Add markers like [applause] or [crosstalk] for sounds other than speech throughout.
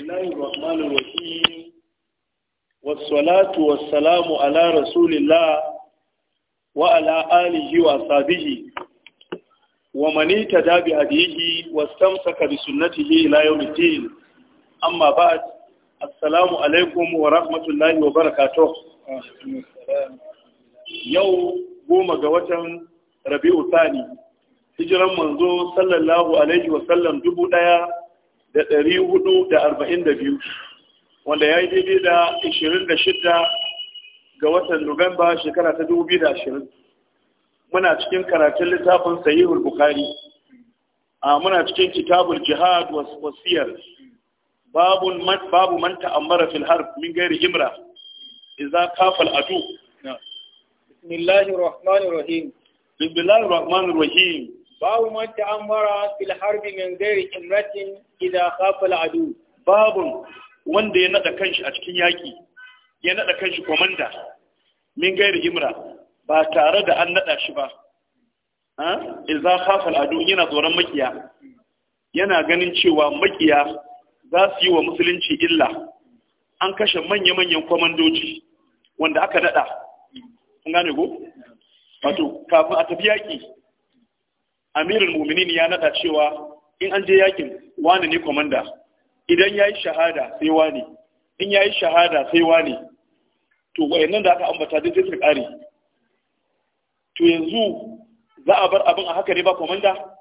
الله الرحمن الرحيم والصلاة والسلام على رسول الله وعلى آله وأصحابه ومن اهتدى بهديه واستمسك بسنته إلى يوم الدين أما بعد السلام عليكم ورحمة الله وبركاته يوم goma ga ربيع ثاني Sani, hijiran manzo sallallahu alaihi wasallam dubu ɗaya da ɗari hudu da arba'in da biyu wanda ya yi daidai da ishirin da shidda ga watan Nuwamba shekara ta dubu biyu da ashirin muna cikin karatun littafin sahihul bukhari a muna cikin kitabul jihad was wasiyar babu man babu man ta'ammara fil harb min gairi imra idza kafal adu bismillahir rahmanir rahim bismillahir rahmanir rahim babu man ta'ammara fil harbi min ghairi imratin idza adu babu wanda ya nada kanshi a cikin yaki ya nada kanshi komanda min ghairi imra ba tare da an nada shi ba ha idza adu yana tsoron makiya yana ganin cewa makiya za su yi wa musulunci illa an kashe manya-manyan kwamandoji wanda aka nada kun gane ko wato kafin a tafi yaƙi amirul mu'minin ya nada cewa in an je yakin wani ne komanda idan yayi shahada sai wani in yayi shahada sai wani to wayannan da aka ambata da sai kare to yanzu za a bar abin a haka ne ba komanda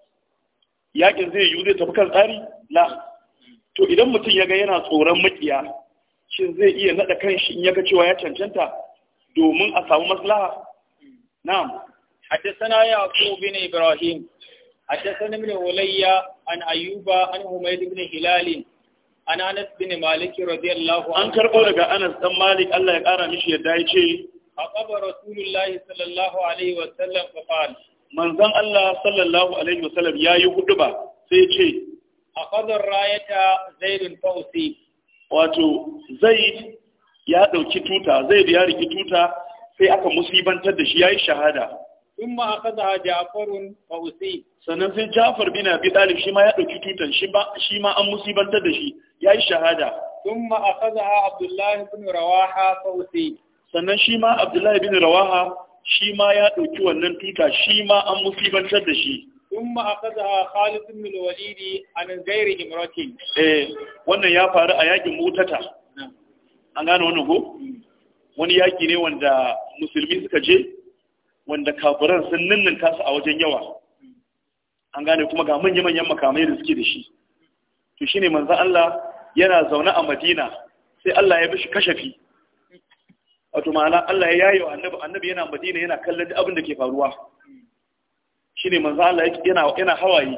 yakin zai yiwu zai tafi kan tsari la to idan mutum ya ga yana tsoron makiya shin zai iya nada kanshi in ya ga cewa ya cancanta domin a samu maslaha na'am حدثنا يعقوب بن Ibrahim. حدثنا ابن علي عن ايوب عن حميد بن هلال عن انس بن مالك رضي الله عنه ان كربو daga Anas dan Malik Allah ya kara mishi yadda yace aqaba rasulullahi sallallahu alaihi wa sallam fa manzon Allah sallallahu alaihi wa sallam yayi huduba sai yace aqada rayata zaid fa usi wato zaid ya ɗauki tuta zaid ya riki tuta sai aka musibantar da shi ya yi shahada ثم أخذها جعفر فأصيب sannan sai Jafar bin Abi Talib shi ya dauki tutan shi an musibantar da shi yayi shahada thumma akhadha Abdullah ibn Rawaha sannan shi ma Abdullahi bin Rawaha shi ma ya ɗauki wannan tuta shi ma an musibantar da shi thumma akhadha Khalid bin walid an ghairi eh wannan ya faru a yakin mutata an gane wannan ko hmm. wani yaki ne wanda musulmi suka je wanda kafiran sun ninninka su a wajen yawa an gane kuma ga manya-manyan makamai da suke da shi to shine manzo Allah yana zaune a Madina sai Allah ya bishi kashafi wato ma'ana Allah ya yayi wa annabi annabi yana Madina yana kallon duk abin da ke faruwa shine manzo Allah yana yana hawaye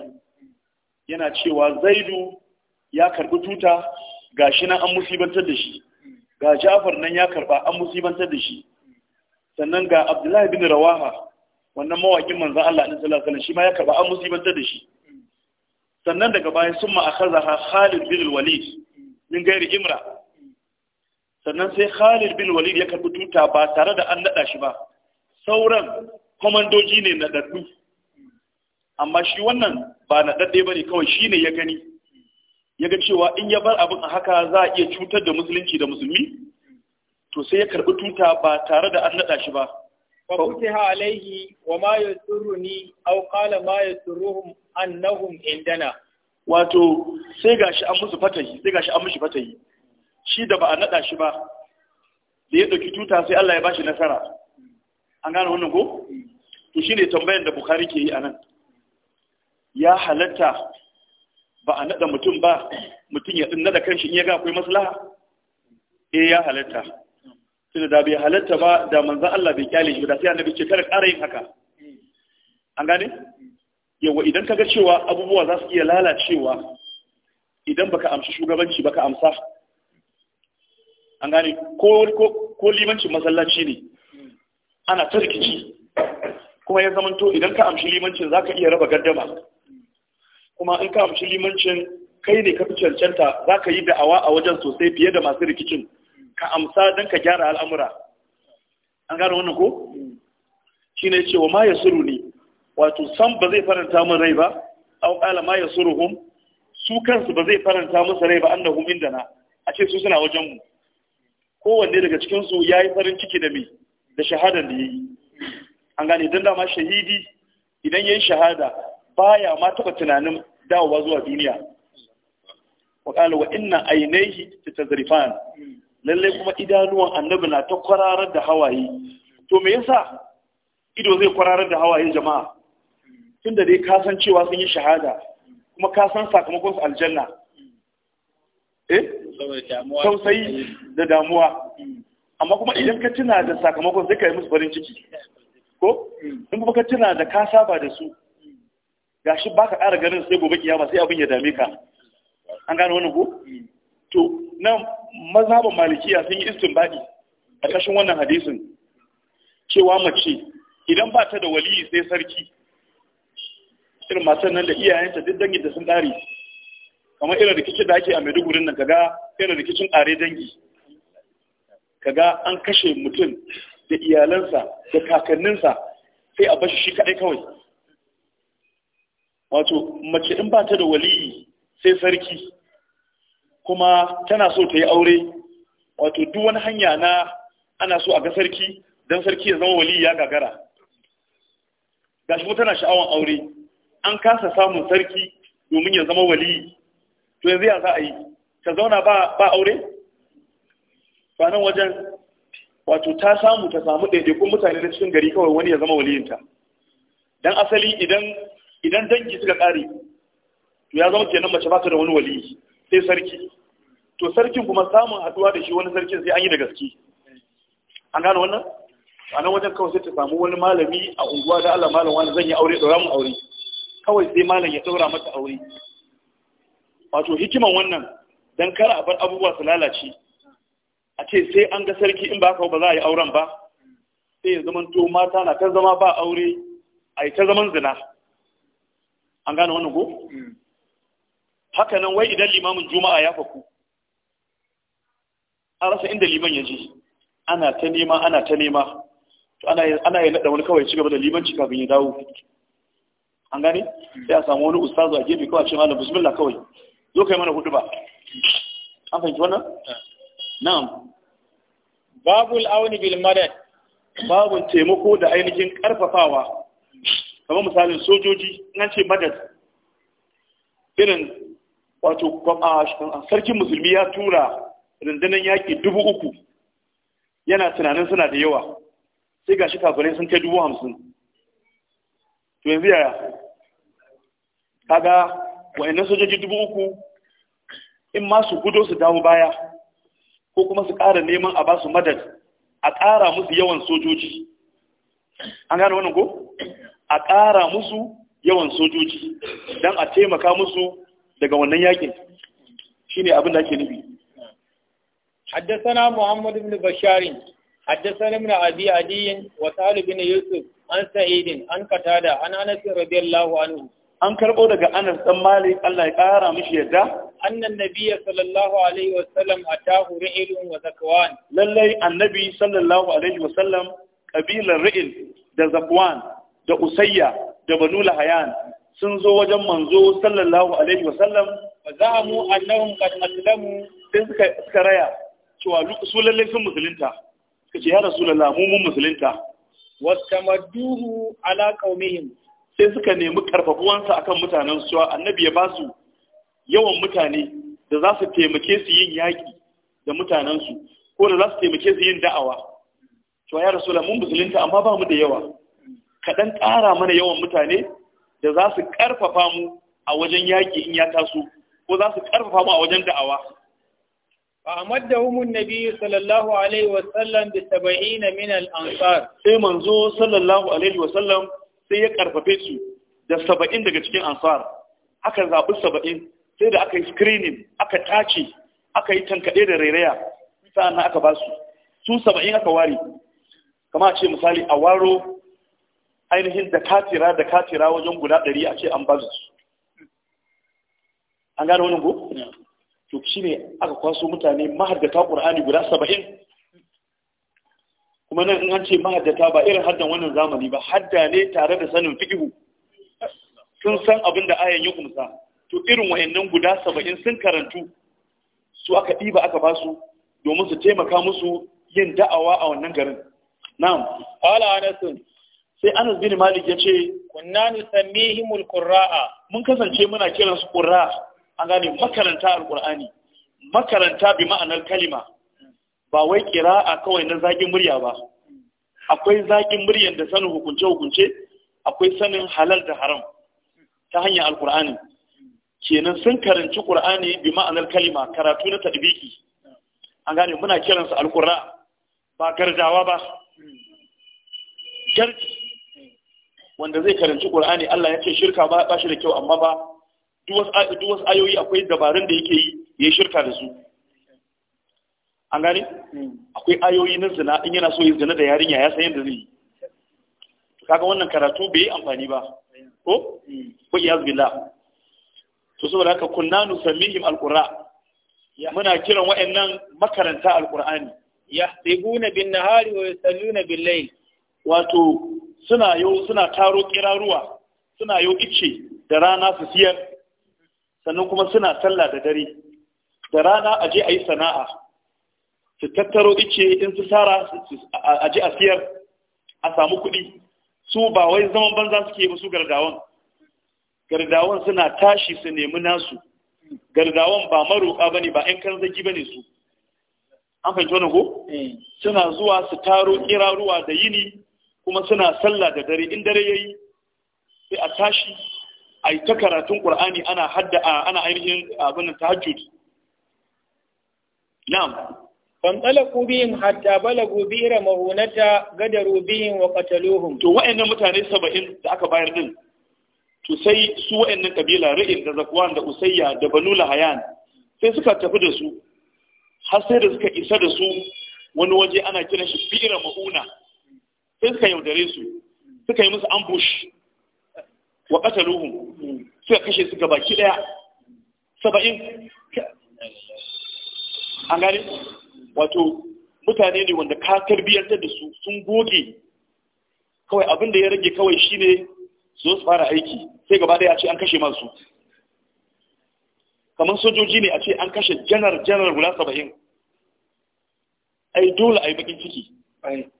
yana cewa Zaidu ya karbi tuta gashi nan an musibantar da shi ga Jafar nan ya karba an musibantar da shi sannan ga abdullahi bin rawaha wannan mawakin manzan Allah ɗin sallallahu alaihi shi ma ya karɓa an da shi sannan daga baya sun ma'akaza ha Khalid bin Walid min gairi imra sannan sai Khalid bin Walid ya karɓi tuta ba tare da an naɗa shi ba sauran kwamandoji ne naɗaɗɗu amma shi wannan ba naɗaɗɗe ba ne kawai shi ne ya gani ya ga cewa in ya bar abin a haka za a iya cutar da musulunci da musulmi to sai ya karbi tuta ba tare da an nada shi ba fa futiha alaihi wa ma yasuruni aw qala ma yasuruhum annahum indana wato sai gashi an musu fatahi sai gashi an mishi fatahi shi da ba a nada shi ba da ya dauki tuta sai Allah ya bashi nasara an gane wannan ko to shine tambayar da Bukhari ke yi anan ya halatta ba a nada mutum ba mutum ya nada kanshi in ya ga akwai maslaha eh ya halatta tunda da bai halatta ba da manzan Allah bai kyale shi da sai annabi ce kada ƙara yin haka an gane yawa idan kaga cewa abubuwa za su iya lalacewa idan baka amshi shugabanci baka amsa an gane ko ko ko limancin masallaci ne ana ta rikici kuma ya zamanto idan ka amshi limancin zaka iya raba gaddama kuma in ka amshi limancin kai ne ka fi cancanta zaka yi da'awa a wajen sosai fiye da masu rikicin ka amsa don ka gyara al'amura an gano wannan ko shi ne cewa ma ya suru ne wato san ba zai faranta min rai ba au ƙala ma ya suru hun su kansu ba zai faranta musu rai ba an da hun inda na a ce su suna wajenmu kowanne daga cikinsu ya yi farin ciki da mai da shahadar da ya yi an gane don dama shahidi idan ya yi shahada baya ma taɓa tunanin dawowa zuwa duniya wa ƙala wa ina ainihi ta zarifan lalle kuma idanuwan annabi na ta kwararar da hawaye to me yasa ido zai kwararar da hawaye jama'a tunda dai ka san cewa sun yi shahada kuma ka san sakamakon su aljanna eh tausayi da damuwa amma kuma idan ka tuna da sakamakon sai ka yi musu farin ciki ko in kuma ka tuna da ka saba da su gashi baka ƙara ganin sai gobe kiyama sai abin ya dame ka an gane wannan ko to nan mazhaban malikiya sun yi istinbadi a ƙarshen wannan hadisin cewa mace idan ba ta da wali sai sarki irin masu nan da iyayenta duk dangin da sun ƙare kamar irin rikicin da ake a Maiduguri nan kaga irin rikicin ƙare dangi kaga an kashe mutum da iyalansa da kakanninsa sai a bashi shi kaɗai kawai wato mace in ba ta da wali sai sarki kuma tana so ta yi aure wato duk wani hanya na ana so a ga sarki don sarki ya zama wali ya gagara ga shi tana sha'awar aure an kasa samun sarki domin ya zama wali to yanzu ya za a yi ta zauna ba aure nan wajen wato ta samu ta samu ɗaiɗaikun mutane na cikin gari kawai wani ya zama waliyinta don asali idan dangi suka ƙare to ya zama kenan mace ba ta da wani waliyi sai sarki to sarkin kuma samun haduwa da shi wani sarkin sai an yi da gaske an gano wannan a nan wajen kawai sai ta samu wani malami a unguwa da Allah malam wani zan yi aure ɗora mu aure kawai sai malam ya ɗora mata aure wato hikiman wannan dan kar a bar abubuwa su lalace a ce sai an ga sarki in ba ka ba za a yi auren ba sai ya zama to mata na ta zama ba aure a yi ta zaman zina an gane wannan ko mm. haka nan wai idan limamin juma'a ya faku an rasa inda liman ya je ana ta nema ana ta nema to ana yi da wani kawai cigaba da limanci kafin ya dawo an gane sai a samu wani ustazu a gefe kawai cewa malam bismillah kawai zo kai mana hudu ba an fahimci wannan na'am babul auni bil madad babun taimako da ainihin karfafawa kamar misalin sojoji an ce madad irin wato sarkin musulmi ya tura rundunar yaƙi dubu uku yana tunanin suna da yawa sai gashi kafirai sun kai dubu hamsin to yanzu yaya kaga wa'annan sojoji dubu uku in ma su gudo su dawo baya ko kuma su ƙara neman a ba su madad a ƙara musu yawan sojoji an gane wannan ko a ƙara musu yawan sojoji don a taimaka musu daga wannan yakin shine abin da ake nufi حدثنا محمد بن بشار حدثنا ابن أبي عدي وسهل بن يوسف عن سعيد عن قتادة عن أنس رضي الله عنه an karɓo daga Anas dan Malik Allah ya kara mishi yadda annan nabiyya sallallahu alaihi wa sallam atahu ra'ilun wa zakwan lallai annabi sallallahu alaihi wa sallam kabilar ra'il da zakwan da usayya da banu lahayan sun zo wajen manzo sallallahu alaihi wa sallam fa za'amu annahum qad aslamu sun suka suka raya cewa su lallai sun musulunta ka ce ya rasulullah mu mun musulunta wastamadduhu ala qaumihim sai suka nemi karfafuwansa akan mutanen su cewa annabi ya ba su yawan mutane da za su taimake su yin yaƙi da mutanen su ko da za su taimake su yin da'awa cewa ya rasulullah mun musulunta amma ba mu da yawa kaɗan ƙara mana yawan mutane da za su ƙarfafa mu a wajen yaƙi in ya taso ko za su ƙarfafa mu a wajen da'awa فأمدهم النبي صلى الله عليه وسلم بسبعين من الأنصار sai manzo sallallahu alaihi wasallam sai ya karfafe su da 70 daga cikin ansar aka zabi 70 sai da aka yi screening aka tace aka yi tankade da rairaya sa'annan aka ba su su 70 aka ware kama ce misali a waro ainihin da katira wajen guda 100 a ce an ba su an to shi ne aka kwaso mutane mahaddata ƙur'ani guda saba'in? kuma nan in an ce mahaddata ba irin haddan wannan zamani ba hadda ne tare da sanin fiqhu sun san abin da ayan ya kumsa to irin wayannan guda saba'in sun karantu su aka ɗiba aka ba su? domin su taimaka musu yin da'awa a wannan garin na'am qala anasun sai Anas bin Malik yace kunna nusammihimul qurra'a mun kasance muna kiran su qurra'a an gane makaranta alkur'ani makaranta bi ma'anar kalima ba wai a kawai na zagin murya ba akwai zaƙin murya da sanin hukunce hukunce akwai sanin halal da haram ta hanyar alkur'ani kenan sun karanci ƙur'ani bi ma'anar kalima karatu na tadbiki an gane muna kiransu Alƙur'a. ba gardawa ba gardi wanda zai karanci ƙur'ani, Allah ya ce shirka ba shi da kyau amma ba duk wasu ayoyi akwai dabarun da yake yi ya shirka da su an gane akwai ayoyi na zina in yana so ya zina da yarinya ya san yadda zai yi kaga wannan karatu bai yi amfani ba ko ko iyaz billah to saboda haka kunna nusammihim alqura muna kiran wayannan makaranta alqur'ani yahdibuna bin nahari wa yusalluna bil layl wato suna yau suna taro kiraruwa suna yau ice da rana su siyar sannan kuma suna sallah da dare da rana a je a yi sana'a su tattaro ice in su tara a ji a siyar a samu kuɗi su ba wai zaman banza suke ba su gardawan gardawan suna tashi su nemi nasu gardawan ba maroƙa ne ba 'yan ba ne su an fahimci wani ko eh. suna zuwa su taro kiraruwa da yini kuma suna sallah da dare in dare yayi sai a tashi ai ta karatun qur'ani ana hadda ana ainihin abin tahajjud na'am fanɗalaku bihim hatta balagu bi mahunata gadaru bihim wa qataluhum to wa'annan mutane saba'in da aka bayar din to sai su wa'annan kabila ra'in da zakwan da usayya da banu lahayan sai suka tafi da su har sai da suka isa da su wani waje ana kiran shi bi mahuna sai suka yaudare su suka yi musu ambush wa qataluhum suka kashe su ki daya saba'in an gane wato mutane ne wanda ka tarbiyyantar da su sun goge kawai abin da ya rage kawai shine zo su fara aiki sai gaba daya a ce an kashe masu kamar sojoji ne a ce an kashe janar janar guda saba'in ai dole a yi bakin ciki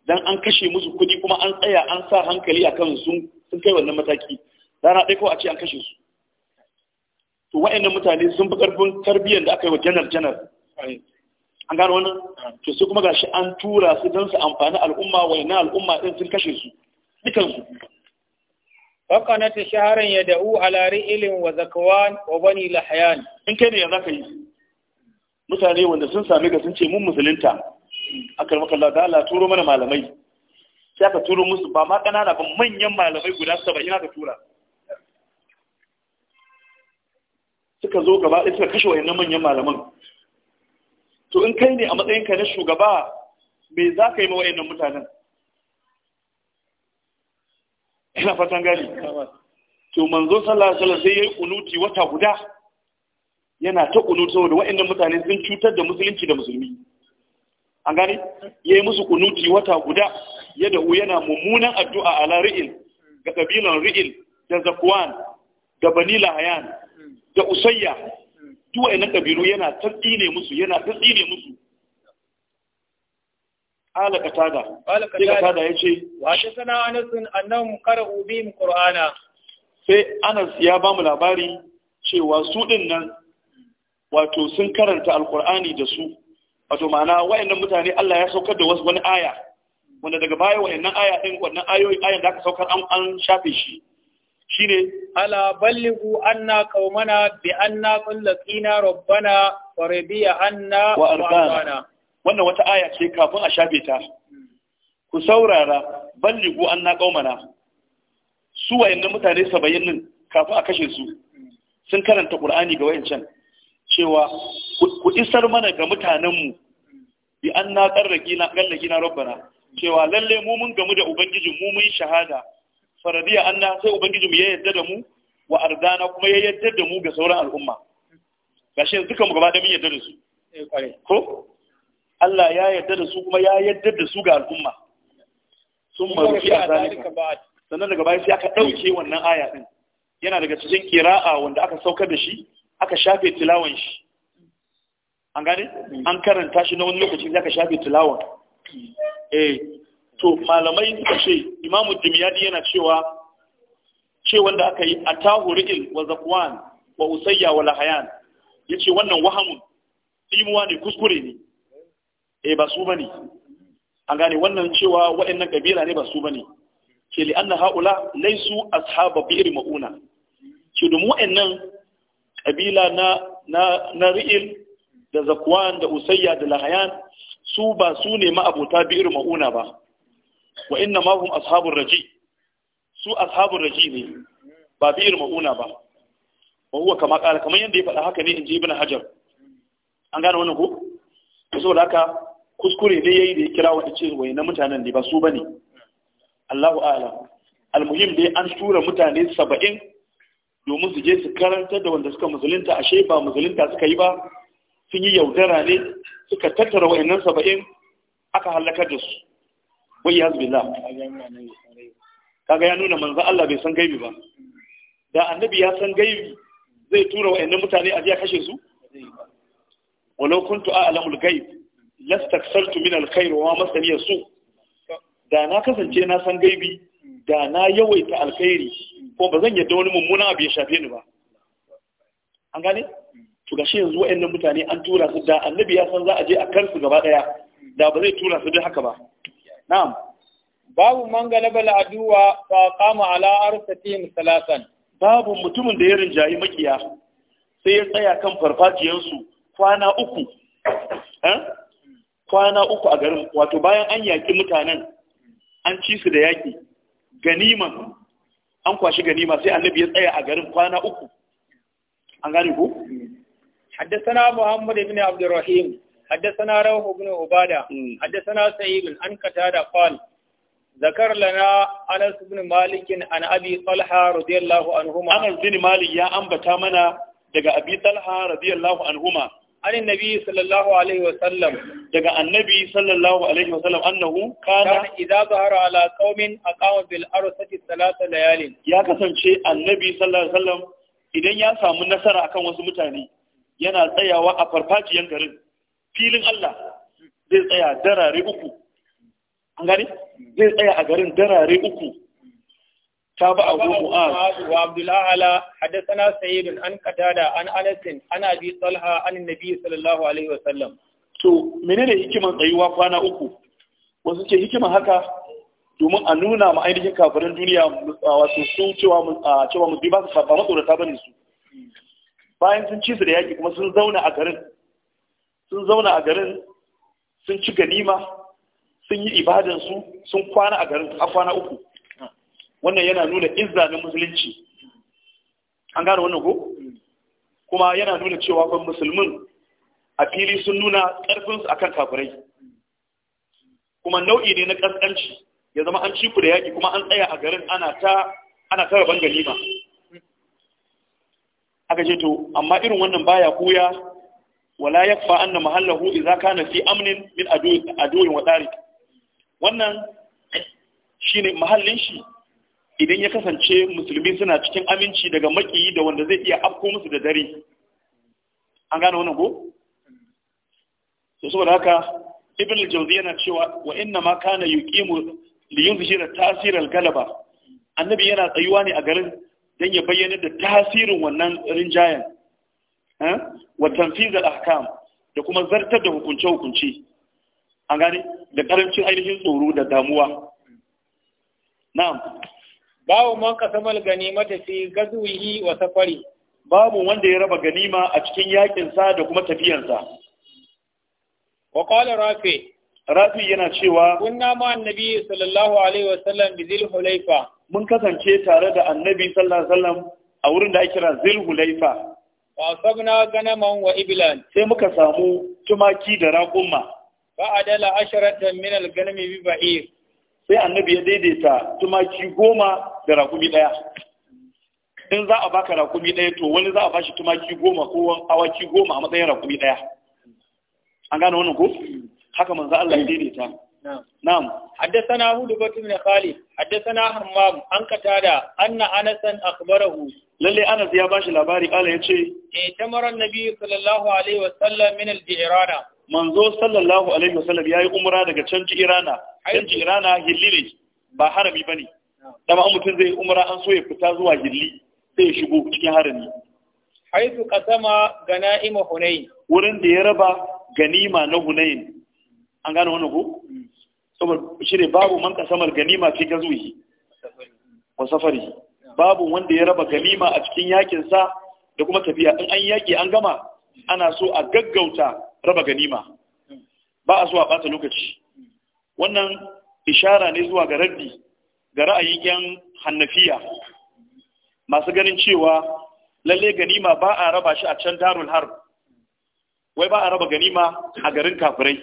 dan an kashe musu kudi kuma an tsaya an sa hankali a kan sun kai wannan mataki rana ɗaya kawai a ce an kashe su to wa'annan mutane sun fi karfin tarbiyyar da aka yi wa janar janar an gano wannan to sai kuma gashi an tura su don su amfani al'umma na al'umma din sun kashe su na ta shaharan ya da'u ala ri'ilin wa zakawan wa bani lahayan in kai ne ya zaka yi mutane wanda sun sami ga sun ce mun musulunta aka maka Allah da Allah turo mana malamai sai aka turo musu ba ma kanana ba manyan malamai guda 70 aka tura suka zo gaba ɗaya suka kashe wayannan manyan malaman to in kai ne a matsayinka na shugaba me za ka yi ma wayannan mutanen ina fatan gani to manzo sallallahu alaihi wasallam sai yayi kunuti wata guda yana ta kunuti saboda wayannan mutane sun cutar da musulunci da musulmi an gani yayi musu kunuti wata guda ya dahu yana mummunan addu'a ala ri'il ga kabilan ri'il da zakwan da banila hayan. da usayya duk wayannan kabilu yana tsine musu yana tsine musu قال قتادة yace wa ta sana أنس أنهم qara'u بهم qur'ana sai Anas ya ba mu labari cewa su din nan wato sun karanta alqur'ani da su wato ma'ana wayannan mutane Allah ya saukar da wasu wani aya wanda daga baya wayannan aya din wannan ayoyin ayan da aka saukar an an shafe shi shine ala ballighu anna qaumana bi anna qallaqina rabbana wa rabbiya anna wa arbana wannan wata aya ce kafin a shafe ta ku saurara ballighu anna qaumana su wayannan mutane 70 din kafin a kashe su sun karanta qur'ani ga wayancan cewa ku isar mana ga mutanenmu bi anna qallaqina rabbana cewa lalle mu mun gamu da ubangijin mu mun shahada faradiya anna sai ubangiji mu ya yadda da mu wa ardana kuma ya yadda da mu ga sauran al'umma gashi yanzu kuma mu gaba da mun yadda da su eh, ko Allah ya yadda da su kuma ya yadda da su ga al'umma sun marufi a zalika sannan daga baya sai aka ɗauke wannan aya din yana daga cikin kira'a wanda aka saukar da shi aka shafe tilawan shi an gane mm. an karanta shi na wani lokaci zaka shafe tilawan mm. eh to malamai suka ce imamu dimyadi yana cewa ce wanda aka yi a tahuril wa zakwan wa usayya wa lahayan ya ce wannan wahamun imuwa ne kuskure ne eh ba su ba ne. an gane wannan cewa waɗannan kabila ne ba su ba ne, ke li anna haula laisu ashaba bi'r mauna ke domin waɗannan kabila na na na ri'il da zakuwan da usayya da lahayan su ba su ne bi bi'r mauna ba wa inna ma hum ashabur raji su ashabur raji ne ba bi'ir mauna ba wa huwa kama qala kamar yanda ya faɗa haka ne inji ibn hajar an gane wannan ko saboda haka kuskure ne yayi da ya kira wa ce wai na mutanen ne ba su bane Allahu a'ala almuhim dai an tura mutane 70 domin su je su karanta da wanda suka musulunta ashe ba musulunta suka yi ba sun yi yaudara ne suka tattara wayannan 70 aka halaka da su wai ya billah kaga ya nuna manzo Allah bai san gaibi ba da annabi ya san gaibi zai tura wa'annan mutane a je kashe su walau kuntu a'lamul ghaib lastaksartu min alkhair wa masani su da na kasance na san gaibi da na yawaita alkhairi ko ba zan yadda wani mummuna abu ya shafe ni ba an gane to gashi yanzu wa'annan mutane an tura su da annabi ya san za a je a kansu gaba daya da ba zai tura su duk haka ba na'am babu man galabal aduwa fa qama ala arsatihim salasan babu mutumin da ya rinjayi makiya sai ya tsaya kan farfajiyansu kwana uku eh? kwana uku a garin wato bayan an yaƙi mutanen an ci su da yaƙi ganima an kwashi ganima sai annabi ya tsaya a garin kwana uku an gane ku حدثنا محمد بن عبد الرحيم حدثنا روح بن عبادة حدثنا سعيد عن قتادة قال ذكر لنا أنس بن مالك عن أبي طلحة رضي الله عنهما أنس بن مالك يا أم بتامنا دقى أبي طلحة رضي الله عنهما عن النبي صلى الله عليه وسلم دقى النبي صلى الله عليه وسلم أنه كان, كان إذا ظهر على قوم أقام بالأرصة ثلاث ليال يا كسن شيء النبي صلى الله عليه وسلم إذن يا سامو النسر أكام وسمتاني yana tsayawa a farfajiyan garin filin Allah zai tsaya darare uku an gani zai tsaya a garin darare uku تابعه معاذ وعبد الله حدثنا سعيد عن قتادة da an anasin ana bi tsalha an nabi sallallahu alaihi wasallam to menene hikiman tsayuwa kwana uku wasu ce hikiman haka domin a nuna ma ainihin kafirin duniya wato sun cewa a cewa musulmi ba su ba matsorata bane su bayan sun ci su da yaki kuma sun zauna a garin sun zauna a garin sun ci ganima sun yi ibadansu sun kwana a garin a kwana uku wannan yana nuna izza na musulunci an gane wannan ko kuma yana nuna cewa ban musulmin a fili sun nuna ƙarfinsu akan kafirai kuma nau'i ne na ƙasƙanci ya zama an ciku da yaƙi kuma an tsaya a garin ana ta ana ta rabon ganima aka ce to amma irin wannan baya koya wala yakfa anna mahallahu idza kana fi amnin min aduwin wa wannan shine mahallin shi idan ya kasance musulmi suna cikin aminci daga makiyi da wanda zai iya afko musu da dare an gane wannan ko to saboda haka ibn al-jawzi yana cewa wa inna ma kana yuqimu li yunzira tasir al-galaba annabi yana tsayuwa ne a garin dan ya bayyana da tasirin wannan rinjayen Eh, wa tanfiz al ahkam da kuma zartar da hukunce hukunci an gane da karancin ainihin tsoro da damuwa na'am babu man kasamal ganima ta fi gazuhi wa safari babu wanda ya raba ganima a cikin yakin sa da kuma tafiyansa wa qala rafi rafi yana cewa kunna ma annabi sallallahu alaihi wa sallam bi zil hulaifa mun kasance tare da annabi sallallahu alaihi wa sallam a wurin da ake kira zil hulaifa fasabna ganaman wa Iblan. sai muka samu tumaki da raƙumma fa adala asharata min al-ganami bi ba'ir sai annabi ya daidaita tumaki goma da raƙumi ɗaya in za a baka raƙumi ɗaya to wani za a bashi tumaki goma ko awaki goma a matsayin raƙumi ɗaya an gane wannan ko haka manzo Allah ya daidaita نعم حدثنا هود بن خالد حدثنا حمام عن قتاده ان انس اخبره للي Anas ya bashi labari قال ya ce eh صلى الله sallallahu وسلم من min al صلى manzo sallallahu وسلم ياي yayi umra daga can jirana can jirana hilli ne ba harami bane dama an mutun zai umra an so ya fita zuwa hilli sai shigo cikin harami haythu qasama ganaim hunain wurin da ya raba ganima na hunain an gane wannan ko shine babu man samar ganima fi gazwihi wa safari babu wanda ya raba ganima a cikin yakin sa da kuma tafiya in an yaki an gama ana so a gaggauta raba ganima ba a so a bata lokaci wannan ishara ne zuwa ga raddi ga ra'ayin yan hannafiya masu ganin cewa lalle ganima ba a raba shi a can darul harb wai ba a raba ganima a garin kafirai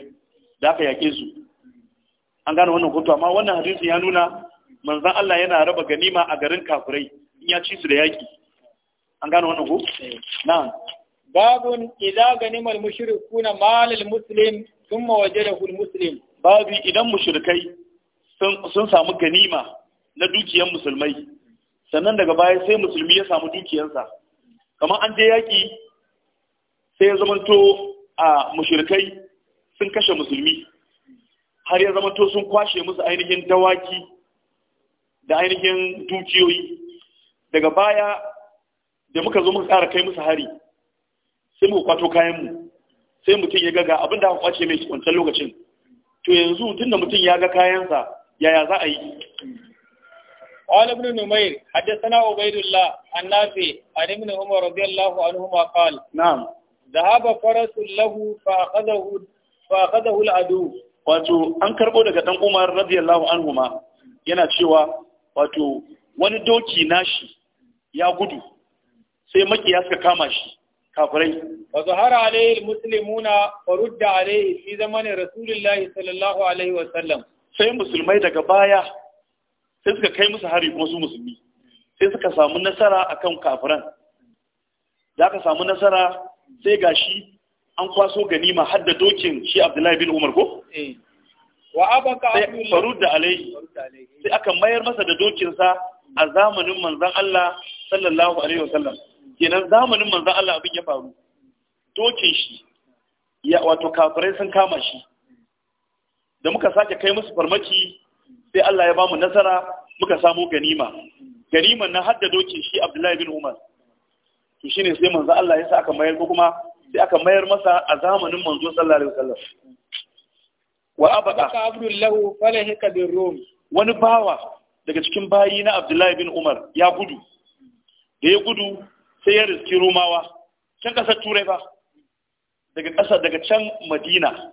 da aka yake su an gane wannan hoto amma wannan hadisi ya nuna manzan Allah yana raba ganima a garin kafirai in ya ci su da yaƙi an gane wannan hoto na babun idza ganimar mushrikuna malal muslim thumma wajadahu hul muslim babu idan mushrikai sun sun samu ganima na dukiyar musulmai sannan daga baya sai musulmi ya samu dukiyarsa kamar an je yaƙi sai ya zamanto a mushrikai sun kashe musulmi har ya zama to sun kwashe musu ainihin dawaki da ainihin dukiyoyi daga baya da muka zo muka ƙara kai musu hari sai muka kwato kayanmu sai mutum ya gaga abin da aka kwace mai wancan lokacin to yanzu tun da mutum ya ga kayansa yaya za a yi قال ابن نمير حدثنا عبيد الله نافع عن ابن عمر رضي الله عنهما قال نعم ذهب فرس له فاخذه فاخذه العدو wato an karbo daga dan Umar radiyallahu anhu ma yana cewa wato wani doki nashi ya gudu sai makiya suka kama shi kafirai wa zahara alayhi muslimuna wa rudda alayhi fi zamanin rasulullahi sallallahu alaihi wa sallam sai musulmai daga baya sai suka kai musu hari kuma su musulmi sai suka samu nasara akan kafiran da ka samu nasara sai gashi an kwaso ganima har da dokin shi abdullahi bin umar ko eh. wa abaka faru da alaihi sai aka mayar masa da dokinsa a zamanin manzan Allah sallallahu alaihi wasallam kenan zamanin manzan Allah abin ya faru dokin shi ya wato kafirai sun kama shi da muka sake kai musu farmaki sai Allah ya bamu nasara muka samu ganima ganiman na hadda dokin shi Abdullahi bin Umar to shine sai manzan Allah ya sa aka mayar ko kuma sai aka mayar masa a zamanin manzo sallallahu alaihi wasallam wa abaka abdullahu falahika bin rum wani bawa daga cikin bayi na abdullahi bin umar ya gudu da ya gudu sai ya riski rumawa can kasar turai ba daga ƙasa daga can madina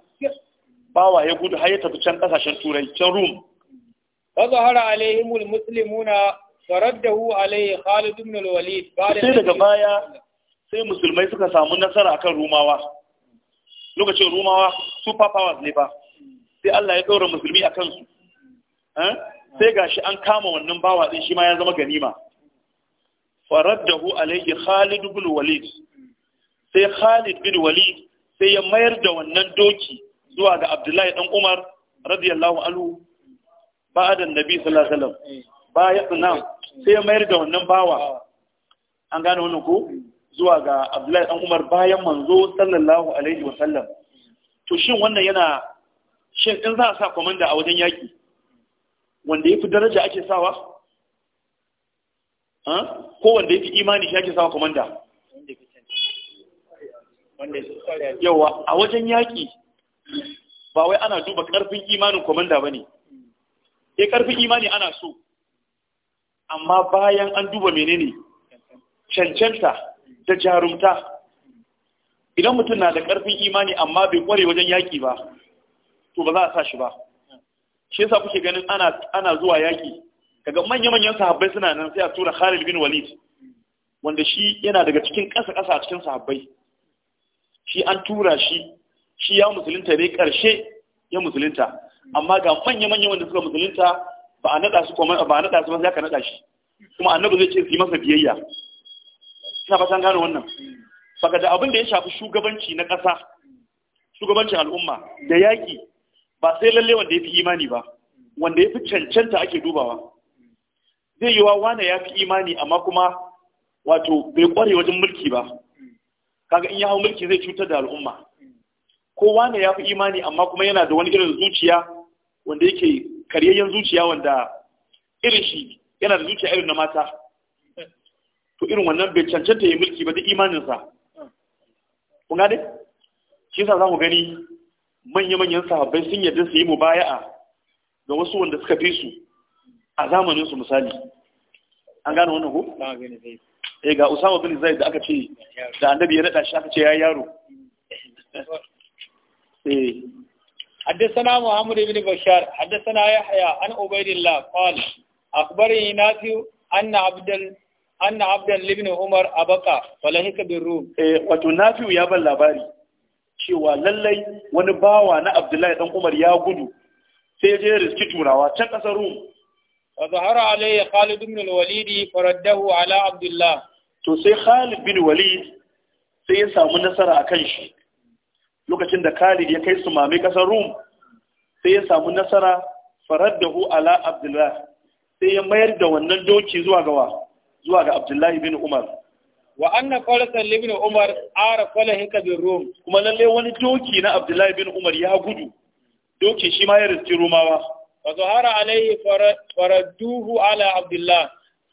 bawa ya gudu har ya tafi can ƙasashen turai can rum fa zahara alaihimul muslimuna faraddahu alaihi khalid ibn al-walid sai daga baya sai musulmai suka samu nasara akan rumawa lokacin rumawa super powers ne ba sai Allah ya ɗora musulmi a kansu eh? sai gashi an kama wannan bawa ɗin shi ma ya zama ganima da hu alaihi, Khalid bin Walid sai Khalid bin Walid sai ya mayar da wannan doki zuwa ga Abdullahi dan Umar radiyallahu anhu ba'da Nabi sallallahu alaihi wasallam eh. baya sai ya mayar da wannan bawa an gane wannan ko zuwa ga Abdullahi dan Umar bayan manzo sallallahu alaihi wa sallam to shin wannan yana shin in za a sa komanda a wajen yaki wanda yafi daraja ake sawa ko wanda yafi imani shi ake sawa komanda yawa a wajen yaki ba wai ana duba karfin imanin komanda bane eh karfin imani ana so amma bayan an duba menene cancanta da jarumta idan mutum na da ƙarfin imani amma bai kware wajen yaƙi ba to ba za a sa shi ba shi yasa kuke ganin ana ana zuwa yaƙi kaga manya-manyan sahabbai suna nan sai a tura Khalid bin Walid wanda shi yana daga cikin ƙasa-ƙasa a cikin sahabbai shi an tura shi shi ya musulunta ne ƙarshe ya musulunta amma ga manya manyan wanda suka musulunta ba a nada su ba a naɗa su ba sai ka naɗa shi kuma annabi zai ce su yi masa biyayya ina ba san gane wannan saka da abin da ya shafi shugabanci na ƙasa shugabancin al'umma da yaƙi ba sai lalle wanda ya fi imani ba wanda ya fi cancanta ake dubawa zai yi wa wane ya fi imani amma kuma wato bai kware wajen mulki ba kaga in ya hau mulki zai cutar da al'umma ko wane ya fi imani amma kuma yana da wani irin zuciya wanda yake karyayyen zuciya wanda irin shi yana da zuciya irin na mata to irin wannan bai cancanta ya mulki ba da imaninsa kun gane shi sa za mu gani manya-manyan sahabbai sun yadda su yi mubaya'a ga wasu wanda suka fi su a zamanin su misali an gane wannan ko eh ga Usama bin Zaid da aka ce da annabi ya nada shi aka ce ya yaro [laughs] eh حدثنا محمد بن بشار حدثنا يحيى عن عبيد الله قال أخبرني نافع أن Abdul. anna abdan libni umar abaka falahika bin rum eh wato nafi'u ya ban labari cewa lallai wani bawa na abdullahi dan umar ya gudu sai ya je riski turawa can ƙasar rum wa zahara alayya khalid ibn al-walid faraddahu ala abdullah to sai khalid bin walid sai ya samu nasara akan shi lokacin da khalid ya kai su mame kasar rum sai ya samu nasara faraddahu ala abdullah sai ya mayar da wannan doki zuwa gawa zuwa ga Abdullahi bin Umar wa anna qalasan ibn Umar ara falahika bi Rum kuma lalle wani doki na Abdullahi bin Umar ya gudu doki shi ma ya riski Rumawa wa zahara alaihi faraduhu ala Abdullah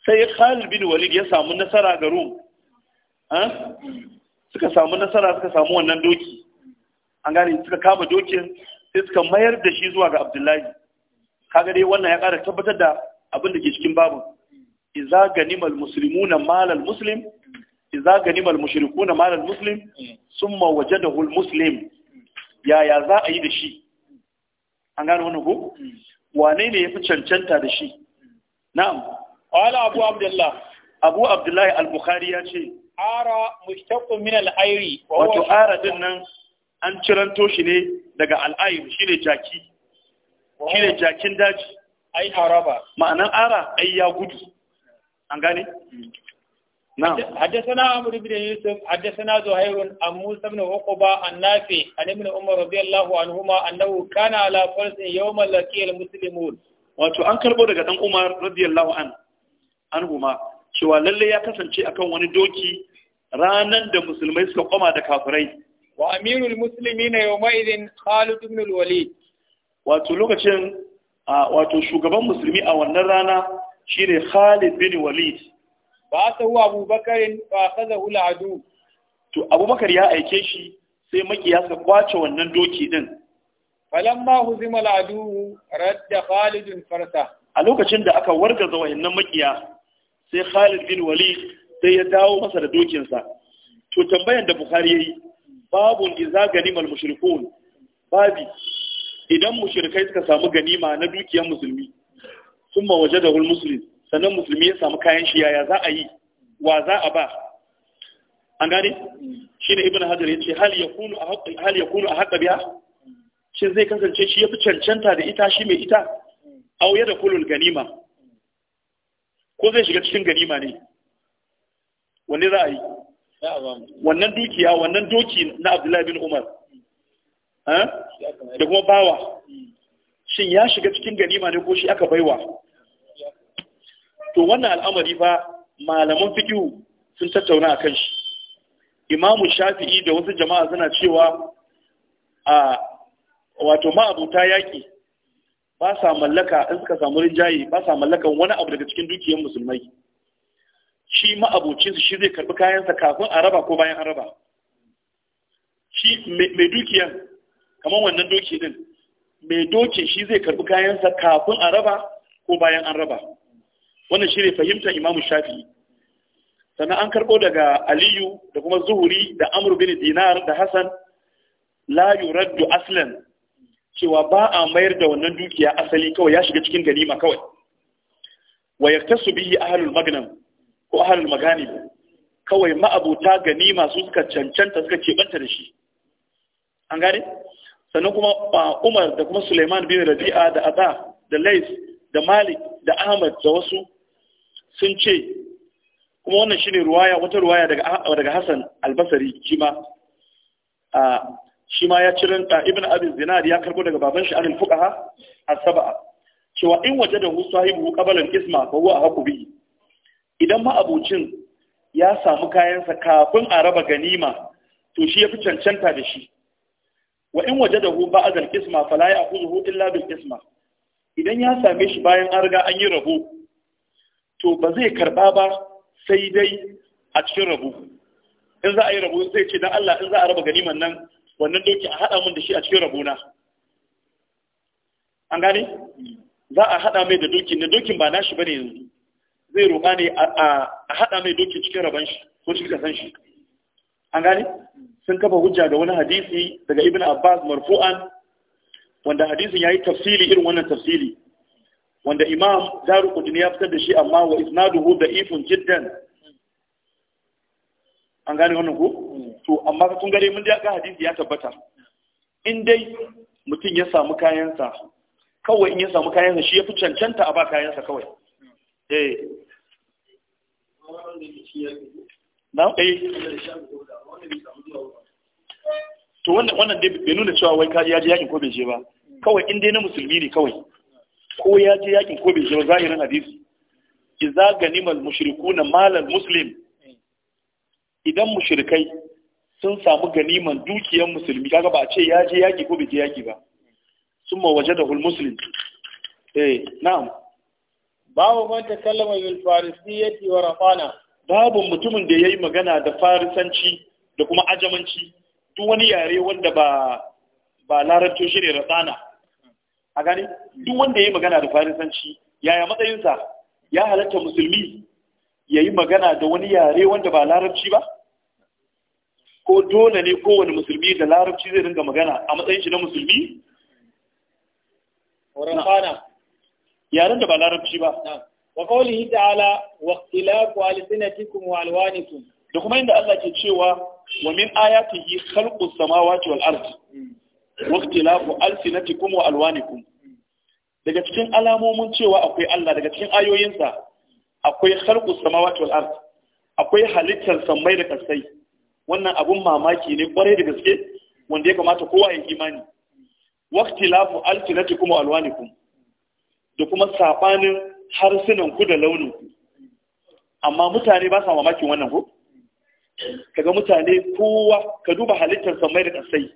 sai Khalid bin Walid ya samu nasara ga Rum suka samu nasara suka samu wannan doki an gane suka kama dokin sai suka mayar da shi zuwa ga Abdullahi kaga dai wannan ya ƙara tabbatar da abin da ke cikin babu iza ganimal muslimuna malal muslim iza ganimal mushrikuna malal muslim summa wajadahu al muslim yaya za a yi da shi an gano wannan ko wane ne yafi cancanta da shi na'am qala abu abdullah abu abdullah al-bukhari ya ce ara mushtaqqun min al-ayri wato ara din nan an ciranto shi ne daga al-ayr shine jaki shine jakin daji ai haraba ma'anan ara ai ya gudu an gane حدثنا عمرو بن يوسف حدثنا زهير عن موسى بن عقبة عن عن ابن عمر رضي الله عنهما أنه كان على فرس يوم لقي المسلمون wato an karbo daga dan Umar radiyallahu an anhuma cewa lalle ya kasance akan wani doki ranan da musulmai suka kwama da kafirai wa amirul musulmi yawma idin Khalid ibn al-Walid wato lokacin wato shugaban musulmi a wannan rana shine Khalid bin Walid ba ta huwa Abu ba ka kazahu al'adu to Abu ya aike shi sai sa kwace wannan doki din falamma huzima al'adu radda Khalid farsa a lokacin da aka wargaza wayannan makiya sai Khalid bin Walid sai ya dawo masa da dokinsa to tambayan da Bukhari yayi babu iza ganimal mushrikun babi idan mushrikai suka samu ganima na dukiyar musulmi sun ma waje da wul musulmi sannan musulmi ya samu kayan shi yaya za a yi wa za a ba an gane shi ne ibn hajar ya ce hal ya kunu a haƙa biya shi zai kasance shi ya fi cancanta da ita shi mai ita A wuya da kulul ganima ko zai shiga cikin ganima ne wanne za a yi wannan dukiya wannan doki na abdullahi bin umar da kuma bawa shin ya shiga cikin ganima ne ko shi aka baiwa to wannan al'amari fa malaman fiqh sun tattauna akan shi imam shafi'i da wasu jama'a suna cewa a wato ma'abuta yaƙi ba sa mallaka in suka samu rinjaye ba sa mallaka wani abu daga cikin dukiyar musulmai shi ma'abucinsu shi zai karɓi kayansa kafin a raba ko bayan an raba shi mai dukiyan kamar wannan doki din mai doke shi zai karɓi kayansa kafin a raba ko bayan an raba wannan shi ne fahimtar imamu Shafi. sannan an karɓo daga aliyu da kuma zuhuri da amur bin dinar da hassan Layu, raddu aslan cewa ba a mayar da wannan dukiya asali kawai ya shiga cikin ganima kawai wa yaktasu bihi ahalul magnam ko ahalul magani kawai ma'abuta ganima su suka cancanta suka keɓanta da shi an gane sannan kuma ah, umar da kuma suleiman bin rabi'a da ada da lais da malik da ahmad da wasu sun ce kuma wannan shine ruwaya wata ruwaya daga daga Hassan albasari shi ma a shi ma ya cirin ibn abi zinad ya karbo daga baban shi Ahlul fuqaha as-sab'a cewa in wajada hu sahibu isma fa huwa haqubi idan ma abucin ya samu kayansa kafin a raba ganima to shi yafi cancanta da shi wa in wajada hu ba'da al-isma fala ya'khudhu illa bil isma idan ya same shi bayan an riga an yi rabo to ba zai karba ba sai dai a cikin rabo in za a yi rabo zai ce dan Allah in za a raba ganiman nan wannan doki a haɗa mun da shi a cikin rabona an gane za a haɗa mai da dokin da dokin ba nashi bane yanzu zai roƙa ne a haɗa mai dokin cikin raban shi ko cikin kasan shi an gane sun kafa hujja ga wani hadisi daga ibn abbas marfu'an wanda hadisin ya yi tafsili irin wannan tafsili wanda imam daru ya fitar da shi amma wa isnaduhu da ifun jiddan an gane wannan ku? to amma kun gare mun da hadisi ya tabbata in dai mutum ya samu kayansa kawai in ya samu kayansa shi ya fi cancanta a ba kayansa kawai eh na eh to wannan wannan dai bai nuna cewa wai ka ya je yakin ko bai je ba kawai in dai na musulmi ne kawai ko ya je yakin ko bai je ba zahirin hadisi idza ganimal mushrikuna malal muslim idan mushrikai sun samu ganiman dukiyar musulmi kaga ba a ce ya je yaki ko bai je yaki ba Sun summa da muslim eh na'am babu man kallama bil farisiyyati wa rafana babu mutumin da yayi magana da farisanci da kuma ajamanci duk wani yare wanda ba ba larabci shi ne ratsana a gani duk wanda ya yi magana da farisanci yaya matsayinsa ya halatta musulmi ya yi magana da wani yare wanda ba larabci ba ko dole ne kowane musulmi da larabci zai ringa magana a matsayin shi na musulmi yaren da ba larabci ba wa qawlihi ta'ala wa ikhtilafu alsinatikum wa alwanikum da kuma inda Allah ke cewa wa min خلق السماوات والأرض واختلاف ألسنتكم وألوانكم wa daga cikin alamomin cewa akwai Allah daga cikin ayoyinsa akwai khalqu samawati wal ard akwai halittar sammai da kasai wannan abun mamaki ne kwarai da gaske wanda ya kamata kowa ya imani wa ikhtilafu alsinatikum wa alwanikum da kuma sabanin harsunan ku da launin ku amma mutane ba sa mamakin wannan ko kaga mutane kowa ka duba halittar samai da kasai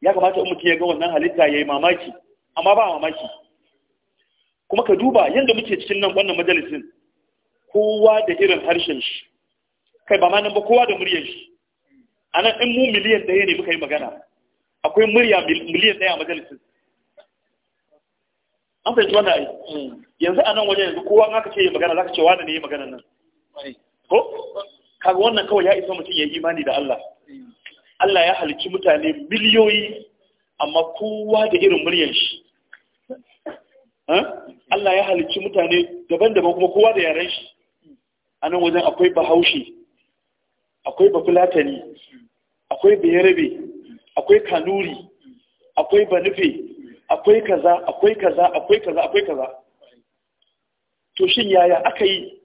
ya kamata in mutum ya ga wannan halitta ya yi mamaki amma ba mamaki kuma ka duba yadda muke cikin nan wannan majalisin kowa da irin harshen shi kai ba ma nan ba kowa da muryar shi a nan in mu miliyan ɗaya ne muka yi magana akwai murya miliyan ɗaya a majalisin an fahimci wannan ai mm. yanzu a nan wajen yanzu kowa in aka ce yi magana za ka ce wani ne yi magana nan ko kaga wannan kawai ya isa mutum ya yi imani da Allah Allah ya halicci mutane miliyoyi amma kowa da irin muryar shi Allah ya halicci mutane daban-daban kuma kowa da yaren shi a nan wajen akwai bahaushe akwai bafulatani akwai bayarabe akwai kanuri akwai banufe akwai kaza akwai kaza akwai kaza akwai kaza to shin yaya aka yi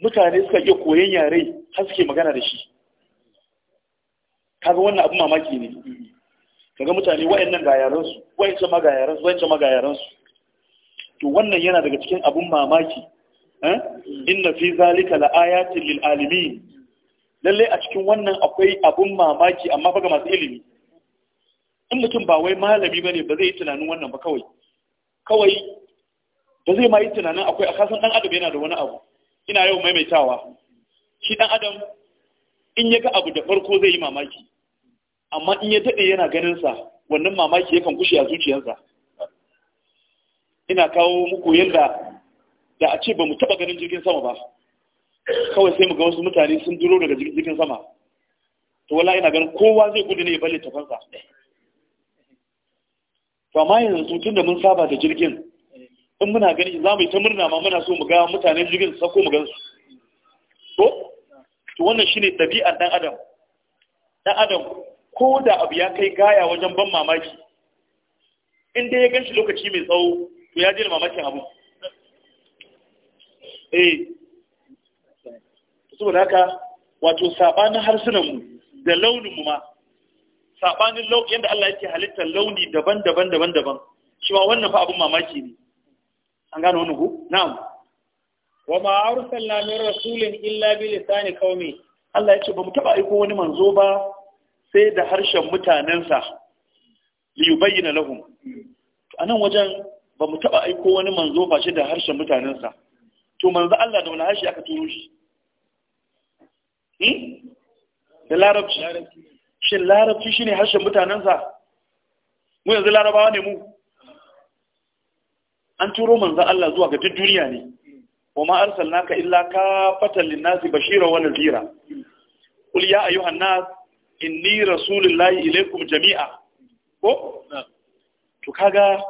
mutane suka iya koyon yare har suke magana da shi kaga wannan abin mamaki ne kaga mutane wayannan ga yaransu su ma ga yaransu su wayancan ma ga yaransu to wannan yana daga cikin abin mamaki eh inna fi zalika laayatin lil alimin lalle a cikin wannan akwai abin mamaki amma fa ga masu ilimi in mutum ba wai malami bane ba zai yi tunanin wannan ba kawai kawai ba zai ma yi tunanin akwai a kasan dan adam yana da wani abu ina yau maimaitawa shi dan adam in ya ga abu da farko zai yi mamaki amma in ya daɗe yana ganin sa wannan mamaki ya kan kushe a zuciyarsa ina kawo muku yadda da a ce ba mu taɓa ganin jirgin sama ba kawai sai mu ga wasu mutane sun duro daga jirgin sama to wala ina ganin kowa zai gudu ne ya balle tafansa to amma yanzu tun da mun saba da jirgin in muna gani za mu yi ta murna ma muna so mu ga mutanen jirgin sako mu su, to to wannan shine ɗabi'ar ɗan adam dan adam ko da abu ya kai gaya wajen ban mamaki in dai ya ganshi lokaci mai tsawo to ya daina mamakin abu eh saboda haka wato sabanin mu da mu ma sabanin yadda Allah yake halittar launi daban-daban daban-daban shi ma wannan fa abun mamaki ne an gano wannan ku na'am wa ma arsalna min rasulin illa bi lisani qaumi Allah yace bamu taba aiko wani manzo ba sai da harshen mutanensa li yubayyana lahum anan wajen bamu taba aiko wani manzo ba shi da harshen mutanensa to manzo Allah da wani harshe aka turo shi hmm? da larabci shin larabci shine harshen mutanensa mu yanzu larabawa ne mu an turo manzan Allah zuwa ga duk duniya ne wa ma arsalnaka illa kafatan linnasi bashira wa nadhira qul ya ayuha nas inni rasulullahi ilaykum jami'a ko to kaga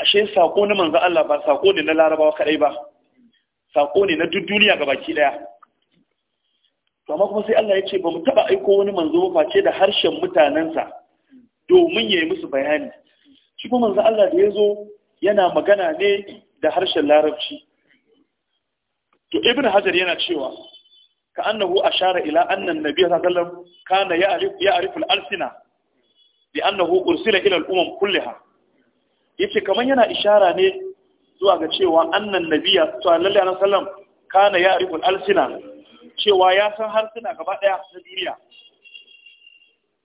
ashe sako ne manzan Allah ba sako ne na larabawa kadai ba sako ne na duk duniya gabaki daya to amma kuma sai Allah ya ce ba mu taba aiko wani manzo ba face da harshen mutanensa domin yayi musu bayani shi kuma manzo Allah da ya zo yana magana ne da harshen larabci to ibn hajar yana cewa ka annahu ashara ila annan nabiyyu sallallahu alaihi wasallam kana ya'rifu al-alsina bi annahu ursila ila al-umam kullaha yace kaman yana ishara ne zuwa ga cewa annan nabiyyu sallallahu alaihi wasallam kana ya'rifu al-alsina cewa ya san harsuna gaba daya na duniya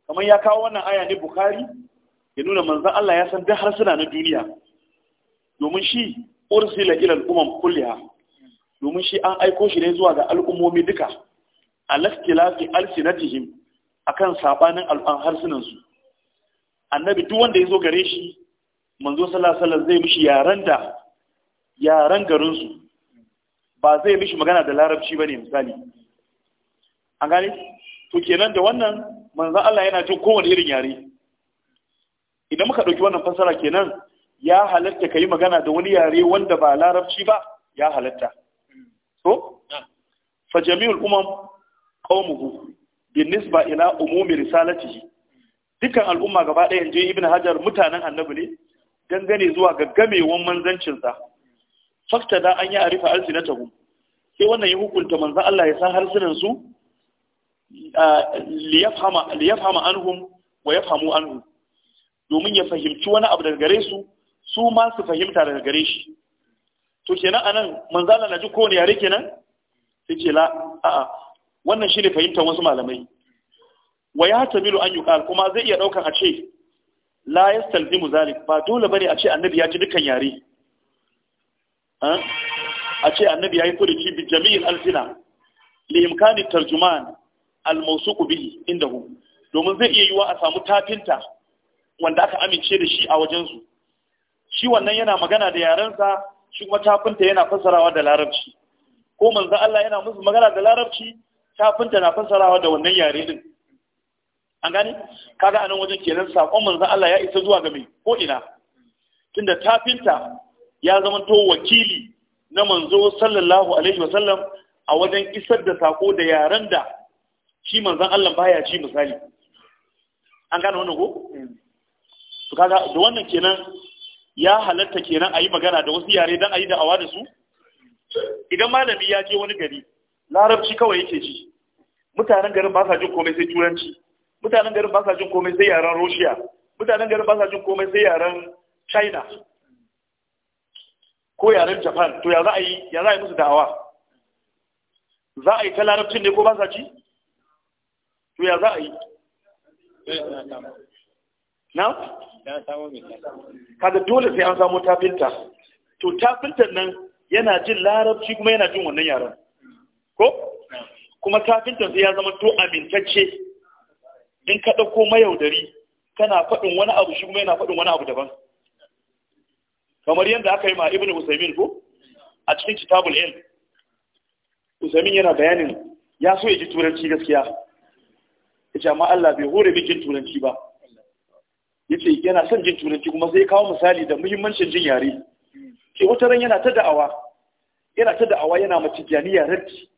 kaman ya kawo wannan aya ne bukhari ya nuna manzon Allah ya san duk harsuna na duniya domin shi ursila ilal umar kulliha domin shi an aiko shi ne zuwa ga al'ummomi duka alaskilafi alsinatihim akan sabanin al'an harsunansu. annabi duk wanda ya zo gare shi manzo sallallahu alaihi wasallam zai mishi yaran da yaran garin ba zai mishi magana da larabci bane misali an gane to kenan da wannan manzo Allah yana jin kowane irin yare idan muka ɗauki wannan fasara kenan ya halatta ka yi magana da wani yare wanda ba larabci ba ya halatta so fa jami'ul umam qaumuhu bin nisba ila umumi risalatihi dukkan al'umma gaba ɗaya je ibn hajar mutanen annabi ne dangane zuwa ga manzancinsa fakta da an yi a Rufe na tabu. sai wannan ya hukunta manzan Allah ya san harsunan su liyafhama anhum wa yafhamu anhu domin ya fahimci wani abu daga gare su su ma su fahimta daga gare shi to kenan anan manzala na ji kowane yare kenan sai ce la a'a wannan shine fahimtar wasu malamai wa ya tamilu an yuqal kuma zai iya daukan a ce la yastalzimu zalik ba dole bane a ce annabi ya ji dukan yare a ce annabi ya yi furuci bi jami'in alfina li imkani tarjuman almausuku bihi indahu domin zai iya yiwa a samu tafinta wanda aka amince da shi a wajen su. shi wannan yana magana da yarensa shi kuma tafinta yana fassarawa da larabci ko manzo Allah yana musu magana da larabci tafinta na fassarawa da wannan yare din an gane kaga anan wajen kenan sakon manzo Allah ya isa zuwa ga mai ko ina tunda tafinta ya zama to wakili na manzo sallallahu alaihi wasallam a wajen isar da sako da yaren da shi manzon Allah baya ci misali an gane wannan ko hmm. to kaga da wannan kenan ya halatta kenan a yi magana da wasu yare don a yi da'awa da su idan malami ya je wani gari larabci kawai yake ji mutanen garin ba sa jin komai sai turanci mutanen garin ba sa jin komai sai yaren russia mutanen garin ba sa jin komai sai yaren china ko yaren japan to ya za a yi ya za a yi musu da'awa za a yi ta larabcin ne ko ba sa ci to ya za a yi eh, na Kada dole sai an samu tafinta to tafinta nan yana jin larabci kuma yana jin wannan yaran. ko kuma tafintan sai ya zama to amintacce in ka ɗauko mayaudari kana faɗin wani abu shi kuma yana faɗin wani abu daban kamar yadda aka yi ma ibn usaimin ko a cikin kitabul ilm usaimin yana bayanin ya so ya ji turanci gaskiya ya ce amma Allah bai hore bikin turanci ba yace yana son jin turanci kuma sai kawo misali da muhimmancin jin yare ke wata ran yana ta da'awa yana ta da'awa yana ma tijjaniya raddi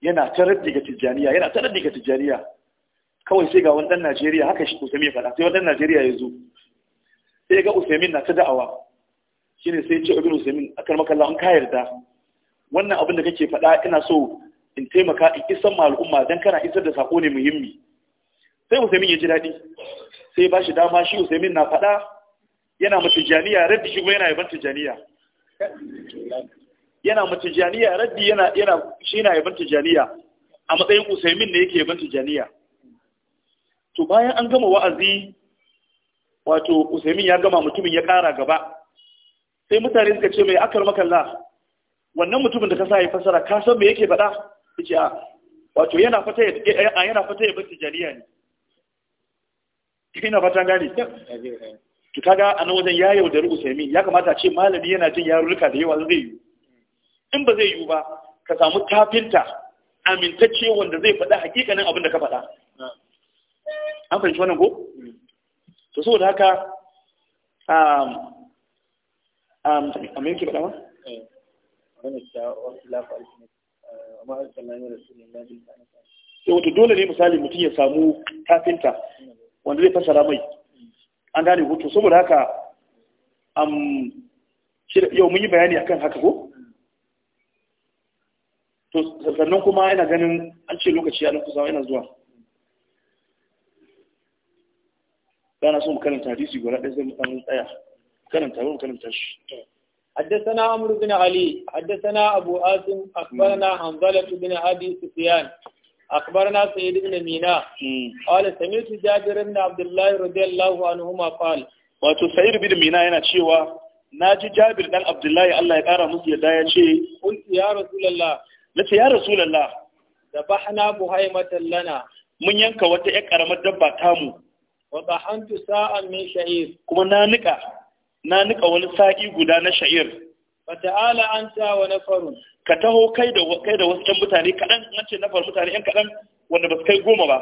yana ta raddi ga tijjaniya yana ta raddi ga tijjaniya kawai sai ga wani dan Najeriya haka shi Usaimin ya faɗa sai wani dan Najeriya ya zo sai ga Usaimin na ta da'awa shine sai ya ce Ibn Usaimin akar maka Allah an ka yarda wannan abin da kake faɗa ina so in taimaka in isar ma al'umma dan kana isar da sako ne muhimmi sai Usaimin ya ji daɗi sai ba shi dama shi usaimin na faɗa yana mutujaniya raddi shi kuma yana yaban tujaniya yana mutujaniya raddi yana yana shi yana yaban tujaniya a matsayin usaimin ne yake yaban tujaniya to bayan an gama wa'azi wato usaimin ya gama mutumin ya ƙara gaba sai mutane suka ce mai akar makalla wannan mutumin da ka sa ya fasara ka san me yake faɗa yace a wato yana fata yana fata yaban tijaniya ne ina fatan gane eh, eh, eh. to kaga a nan wajen ya yaudari usaimin ya kamata a ce malami yana jin yarurruka da yawa zai yi in ba zai yi ba ka samu tafinta amintacce wanda zai faɗa hakikanin abin da ka faɗa ah. an fahimci wannan ko mm. to saboda haka um um amin ki faɗa ma wata dole ne misali mutum ya samu kafinta. wanda zai fassara mai an gane saboda haka yau mun yi bayani akan haka ko to sannan kuma ina ganin an ce lokaci ya nan kusa ina zuwa ba na so mu karanta hadisi gwara ɗaya zai mutane tsaya karanta ba mu karanta shi حدثنا عمرو بن علي حدثنا أبو آسم أخبرنا حنظلة بن أبي سفيان Akbar na بن مينا قال سمعت جابر بن عبد الله رضي الله عنهما قال wato sa'id bin mina yana cewa na ji jabir dan abdullahi Allah ya kara musu yadda ya ce kuntu ya rasulullah nace ya rasulullah zabahna buhaimatan lana mun yanka wata ƴar karamar dabba tamu wa dahantu sa'an min sha'ir kuma na nika wani sa'i guda na sha'ir Bata ala'anta wa nafarun ka taho kai da kai da wasu mutane kaɗan an ce nafar mutane ɗan kaɗan wanda ba su kai goma ba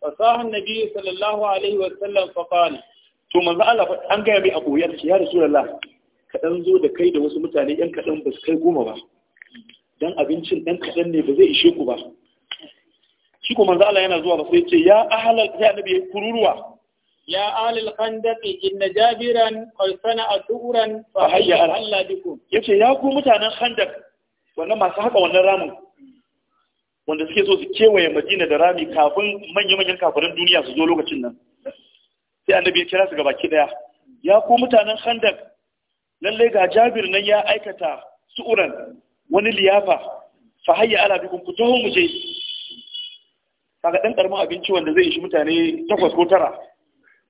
fasahan nabi sallallahu alaihi wa sallam fa qala to manzo Allah an ga mai abu ya ce ya rasulullah ka dan zo da kai da wasu mutane ɗan kaɗan ba su kai goma ba dan abincin ɗan kaɗan ne ba zai ishe ku ba shi ko manzo Allah yana zuwa ba sai ce ya ahlal ya nabi kururuwa Ya يا آل الخندق إن جابرا قد صنع ثورا فهيا الله بكم يجي ya كو mutanen خندق wannan masu haka wannan ramin wanda suke so su kewaye madina da rami kafin manya-manyan kafirin duniya su zo lokacin nan sai annabi ya kira su gabaki daya ya ku mutanen khandak lallai ga jabir nan ya aikata su'uran wani liyafa fa hayya ala bikum ku taho mu je kaga dan karamin abinci wanda zai ishi mutane takwas ko tara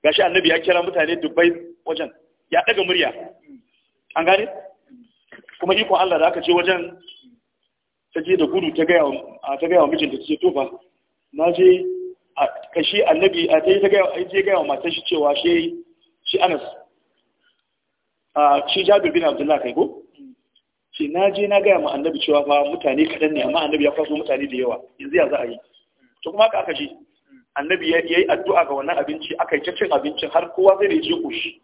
gashi annabi ya kira mutane dubbai wajen ya daga murya an gane kuma ikon Allah da aka ce wajen ta je da gudu ta gaya wa mijinta ta ce to fa na je kashi annabi a ta yi ta gaya wa matan shi cewa shi shi anas a shi jabir bin abdullahi kai ko ce na je na gaya ma annabi cewa fa mutane kaɗan ne amma annabi ya kwaso mutane da yawa yanzu ya za a yi to kuma aka aka shi annabi ya yi addu'a ga wannan abinci aka yi ta cin abincin har kowa zai da je kushi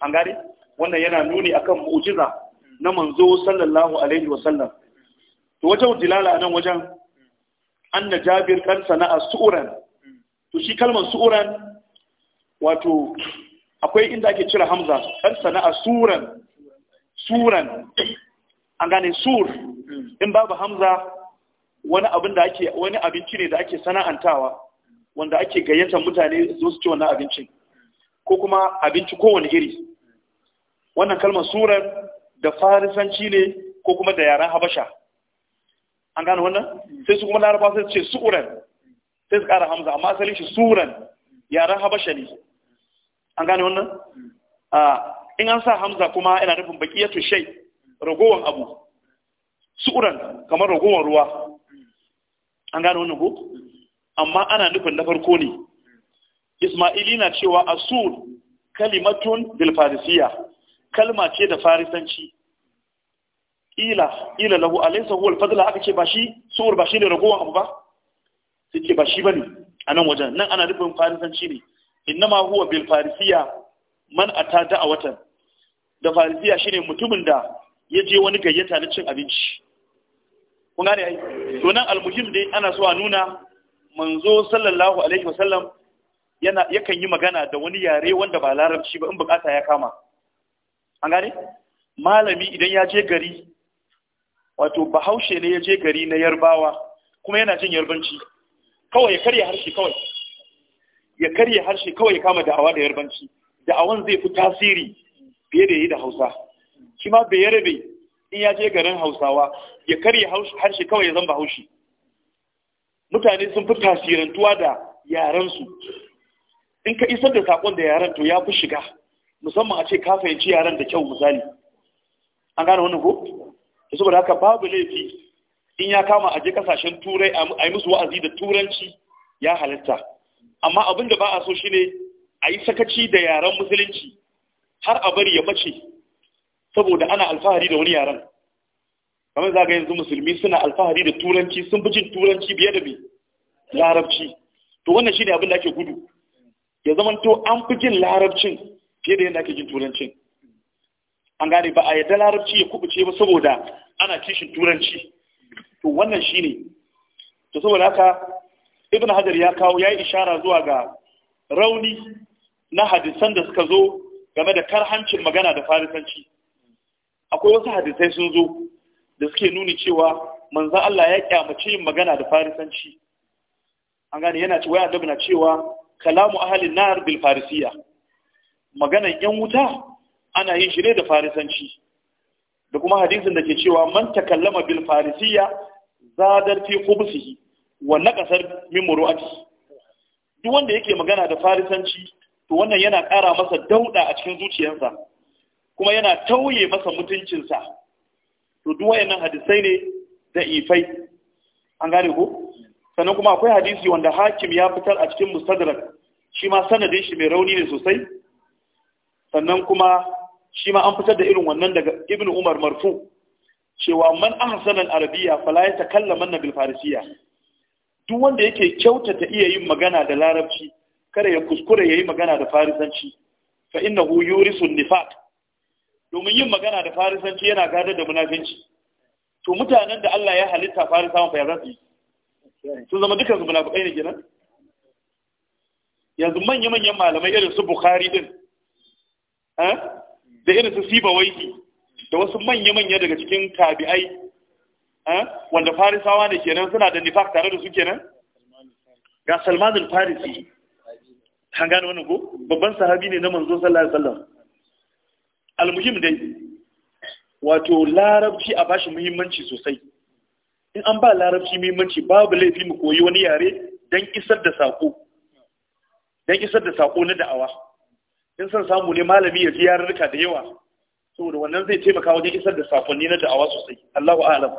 an gari wannan yana nuni akan mu'jiza na manzo sallallahu alaihi wasallam to wajen dilala nan wajen na jabir kan sana'a su'uran to shi kalmar su'uran wato akwai inda ake cire hamza kan sana'a suran suran an gane sur in babu hamza wani abin da ake wani abinci ne da ake sana'antawa wanda ake gayyatar mutane zo su ci wannan abincin ko kuma abinci kowane iri wannan kalmar surar da farisanci ne ko kuma da yaren habasha an gane wannan sai su kuma laraba sai su ce su'uran sai su ƙara hamza amma asalin shi suran yaren habasha ne an gane wannan in an sa hamza kuma yana nufin baki ya tushe ragowar abu su'uran kamar ragowar ruwa an gano wannan ko amma ana nufin na farko ne ismaili na cewa asul kalimatun bilfarisiya kalma ce da farisanci ila ila lahu alaysa huwa alfadl aka ce ba shi suwar ba shi ne ragowan abu ba sai ce ba shi bane a nan wajen nan ana nufin farisanci ne innama huwa bil farisiya man ata watan da farisiya shine mutumin da ya je wani gayyata na cin abinci kuna ne ai to nan almuhim dai ana so a nuna manzo sallallahu alaihi wasallam yana yakan yi magana da wani yare wanda ba larabci ba in bukata ya kama an gane malami idan ya je gari wato bahaushe ne ya je gari na yarbawa kuma yana jin yarbanci kawai ya karya harshe kawai ya karya harshe kawai ya kama da'awa da yarbanci da'awan zai fi tasiri fiye da yi da hausa shi ma bai yarabe in ya je garin hausawa ya karya harshe kawai ya zamba haushi mutane sun fi tasirantuwa da yarensu in ka isar da sakon da yaren to ya fi shiga musamman a ce ka fahimci yaren da kyau misali an gane wannan ko da saboda haka babu laifi in ya kama a je kasashen turai a yi musu wa'azi da turanci ya halatta amma abin da ba a so shine a yi sakaci da yaren musulunci har a bari ya mace. saboda ana alfahari da wani yaren kamar za ga yanzu musulmi suna alfahari da turanci sun fi jin turanci biye da bi larabci to wannan shine abin da ake gudu ya zama to an fi jin larabcin fiye da yadda ake jin turancin an gane ba a yadda larabci ya kubuce ba saboda ana kishin turanci to wannan shine to saboda haka ibn hajar ya kawo ya yi ishara zuwa ga rauni na hadisan da suka zo game da karhancin magana da farisanci akwai wasu hadisai sun zo da suke nuni cewa manzan Allah ya kyamace yin magana da farisanci an gane yana cewa ya na cewa kalamu ahalin nar bil farisiya maganan yan wuta ana yin shi da farisanci da kuma hadisin da ke cewa manta takallama bil farisiya zadar fi khubsihi wa naqasar min muru'ati duk wanda yake magana da farisanci to wannan yana kara masa dauda a cikin zuciyarsa kuma yana tauye masa mutuncinsa to duk wayannan hadisai ne da ifai an gane ko sannan kuma akwai hadisi wanda hakim ya fitar a cikin mustadrak shi ma sanadin shi mai rauni ne sosai sannan kuma shi ma an fitar da irin wannan daga ibnu umar marfu cewa man ahsana al-arabiyya fala yatakallaman bil farisiyya duk wanda yake kyautata iya yin magana da larabci kada ya kuskure yayi magana da farisanci fa innahu yurisu nifaq domin yin magana da farisanci yana gadar da munafinci to mutanen da Allah ya halitta farisawan fa ya yi, sun zama dukkan su munafikai ne kenan yanzu manya manyan malamai irin su Bukhari din eh, da irin su Siba waiki, da wasu manya manya daga cikin tabi'ai eh, wanda farisawa ne kenan suna da nifak tare da su kenan ga Salman al-Farisi an gane wannan ko babban sahabi ne na manzo sallallahu alaihi wasallam almuhim dai wato larabci a bashi muhimmanci sosai in an ba larabci muhimmanci babu laifi mu koyi wani yare don isar da sako don isar da sako na da'awa in san samu ne malami ya ji yarurruka da yawa saboda wannan zai taimaka wajen isar da sakonni na da'awa sosai Allahu a'lam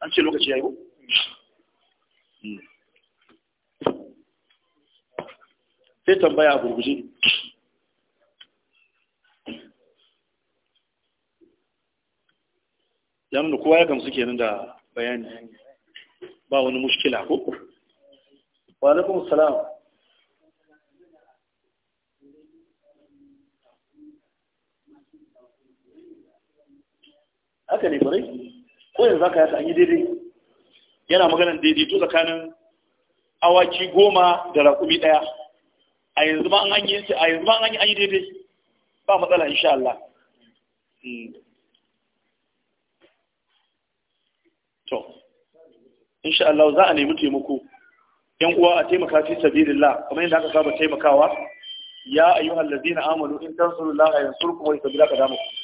an ce lokaci yayi hmm. sai tambaya a gurguje ya nuna kowa ya gamsu kenan da bayani ba wani mushkila ko wa alaikum salam haka ne kwarai ko yanzu aka yata an yi daidai yana daidai daidaito tsakanin awaki goma da raƙumi ɗaya a yanzu ma an yi daidai ba matsala insha Allah hmm. to insha Allah za a nemi taimako yan uwa a taimaka fi sabilillah kamar yadda aka saba taimakawa ya ayyuhal ladina amanu in tansurullaha yansurkum wa yuthabbit aqdamakum